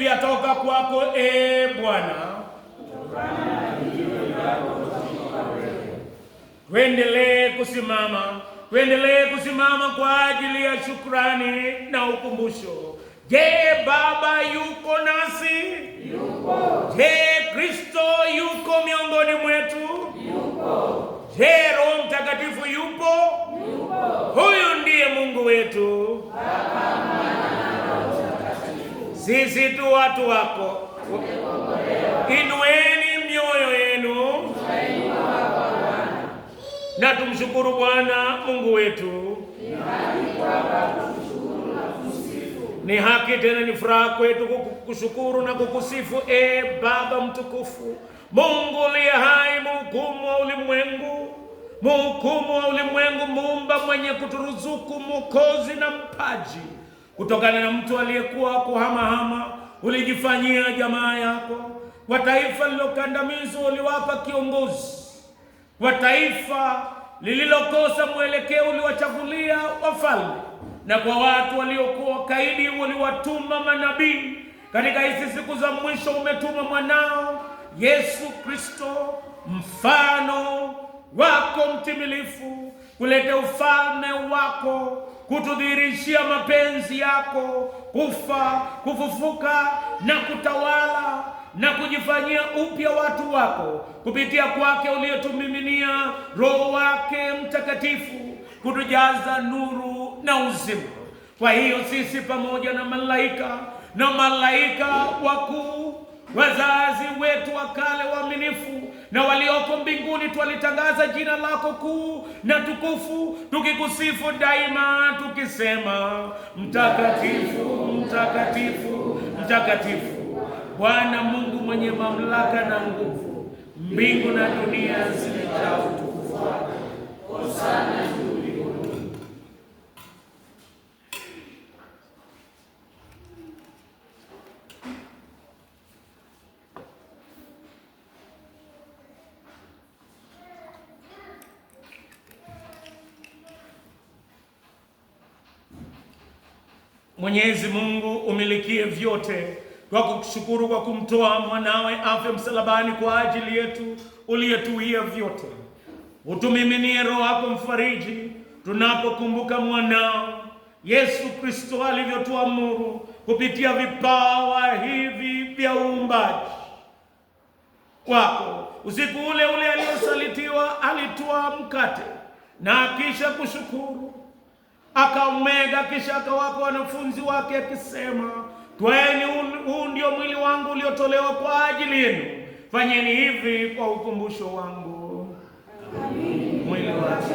vyatoka kwako, e Bwana. Tuendelee kusimama, tuendelee kusimama kwa ajili ya shukrani na ukumbusho. Je, Baba yuko nasi? Yuko. Je, Kristo yuko miongoni mwetu? Yuko. Je, Roho Mtakatifu yupo? Yuko. Huyu ndiye Mungu wetu sisi tu watu wako, inueni mioyo yenu na tumshukuru Bwana Mungu wetu. Ni haki tena ni furaha kwetu kukushukuru na kukusifu, e Baba mtukufu, Mungu liye hai, muhukumu wa ulimwengu, muhukumu wa ulimwengu, mumba mwenye kuturuzuku, mukozi na mpaji kutokana na mtu aliyekuwa kuhamahama, ulijifanyia jamaa yako. Wa taifa lilokandamizwa uliwapa kiongozi. Wa taifa lililokosa mwelekeo uliwachagulia wafalme, na kwa watu waliokuwa kaidi uliwatuma manabii. Katika hizi siku za mwisho umetuma mwanao Yesu Kristo, mfano wako mtimilifu, kuleta ufalme wako kutudhihirishia mapenzi yako, kufa, kufufuka na kutawala na kujifanyia upya watu wako kupitia kwake uliotumiminia Roho wake Mtakatifu kutujaza nuru na uzima. Kwa hiyo sisi pamoja na malaika na malaika wakuu, wazazi wetu wa kale waaminifu na walioko mbinguni twalitangaza jina lako kuu na tukufu, tukikusifu daima tukisema, mtakatifu mtakatifu mtakatifu, Bwana Mungu mwenye mamlaka na nguvu, mbingu na dunia zimejaa Mwenyezi Mungu umilikie vyote, kwa kukushukuru kwa kumtoa mwanawe afe msalabani kwa ajili yetu, uliyetuia vyote. Utumiminie Roho yako Mfariji tunapokumbuka mwanao Yesu Kristo alivyotuamuru kupitia vipawa hivi vya uumbaji kwako Usiku ule ule aliyosalitiwa, alitoa mkate na kisha kushukuru akaumega kisha akawapa wanafunzi wake akisema, twaeni huu ndio mwili wangu uliotolewa kwa ajili yenu, fanyeni hivi kwa ukumbusho wangu. Mwili wake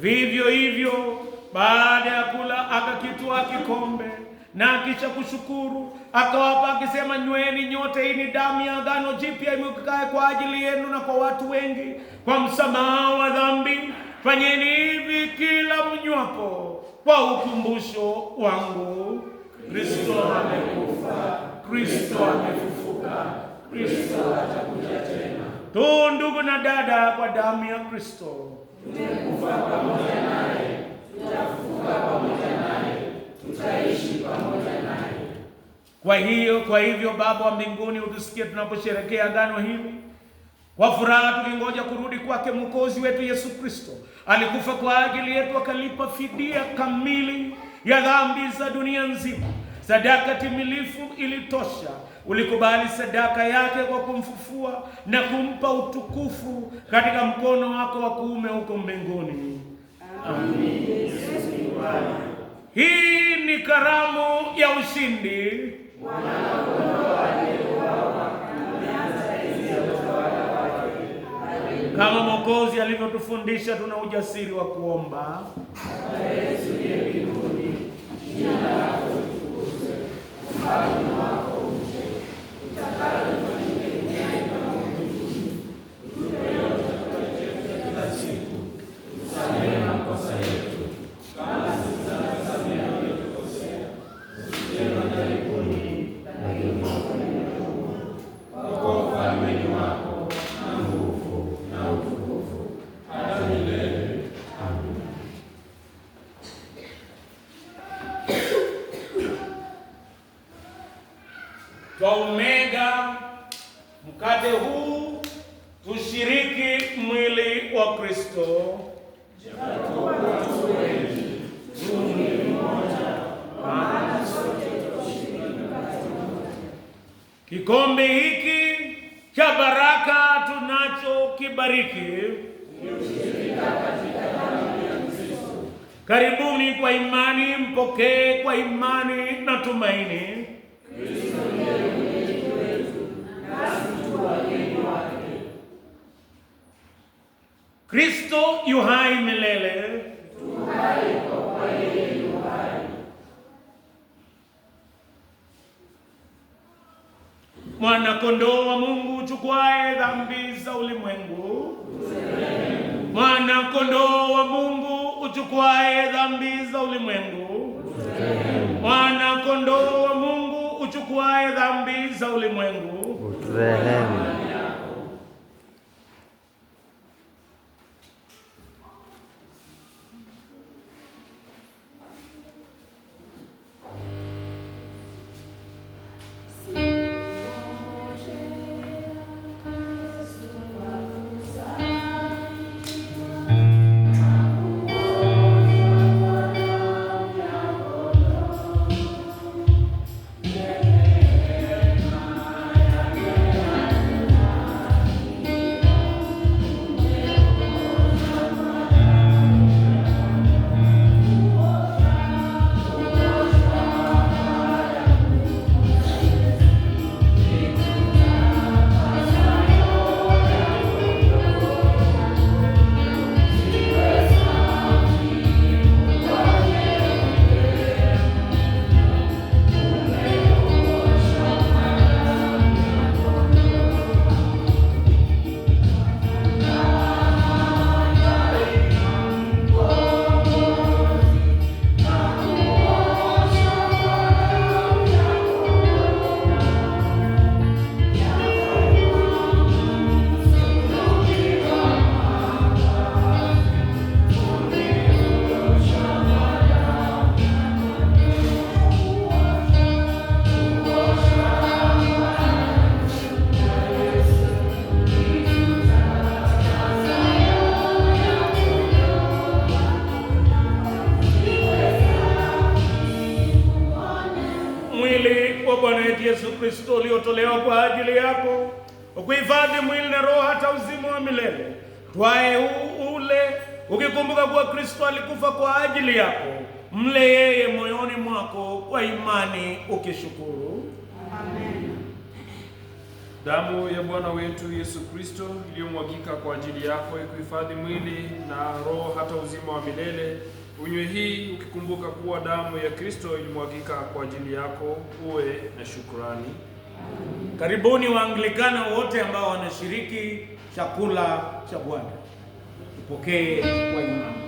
Vivyo hivyo baada ya kula akakitwa kikombe na kisha kushukuru akawapa akisema, nyweni nyote, hii ni damu ya agano jipya imwagikayo kwa ajili yenu na kwa watu wengi kwa msamaha wa dhambi. Fanyeni hivi kila mnywapo kwa ukumbusho wangu. Kristo amekufa, Kristo amefufuka, Kristo atakuja tena. Tu ndugu na dada, kwa damu ya Kristo tumekufa pamoja naye, tutafufuka pamoja naye, tutaishi pamoja naye. Kwa hiyo, kwa hivyo Baba wa mbinguni, utusikie tunaposherekea gano hili kwa furaha tulingoja kurudi kwake mwokozi wetu Yesu Kristo. Alikufa kwa ajili yetu, akalipa fidia kamili ya dhambi za dunia nzima. Sadaka timilifu ilitosha. Ulikubali sadaka yake kwa kumfufua na kumpa utukufu katika mkono wako wa kuume huko mbinguni. Amin. Hii ni karamu ya ushindi. Kama Mwokozi alivyotufundisha, tuna ujasiri wa kuomba Jina lako litukuzwe, ufalme wako uje, utakalo kwa umega mkate huu tushiriki mwili wa Kristo. Kikombe hiki cha baraka tunacho kibariki. Karibuni kwa imani, mpokee kwa imani na tumaini. Kristo yuhai milele, tuhai kwa yeye yuhai. Mwana kondoo wa Mungu chukwae dhambi za ulimwengu, mwana kondoo wa Mungu uchukwae dhambi za ulimwengu, mwana kondoo wa Mungu uchukwae dhambi za ulimwengu, uturehemu. Bwana wetu Yesu Kristo uliotolewa kwa ajili yako ukuhifadhi mwili na roho hata uzima wa milele twae ule ukikumbuka kuwa Kristo alikufa kwa ajili yako, mle yeye moyoni mwako kwa imani ukishukuru. Amen. Damu ya Bwana wetu Yesu Kristo iliyomwagika kwa ajili yako ikuhifadhi mwili na roho hata uzima wa milele Unywe hii ukikumbuka kuwa damu ya Kristo ilimwagika kwa ajili yako, uwe na shukrani. Karibuni Waanglikana wote ambao wanashiriki chakula cha Bwana, tupokee kwa imani.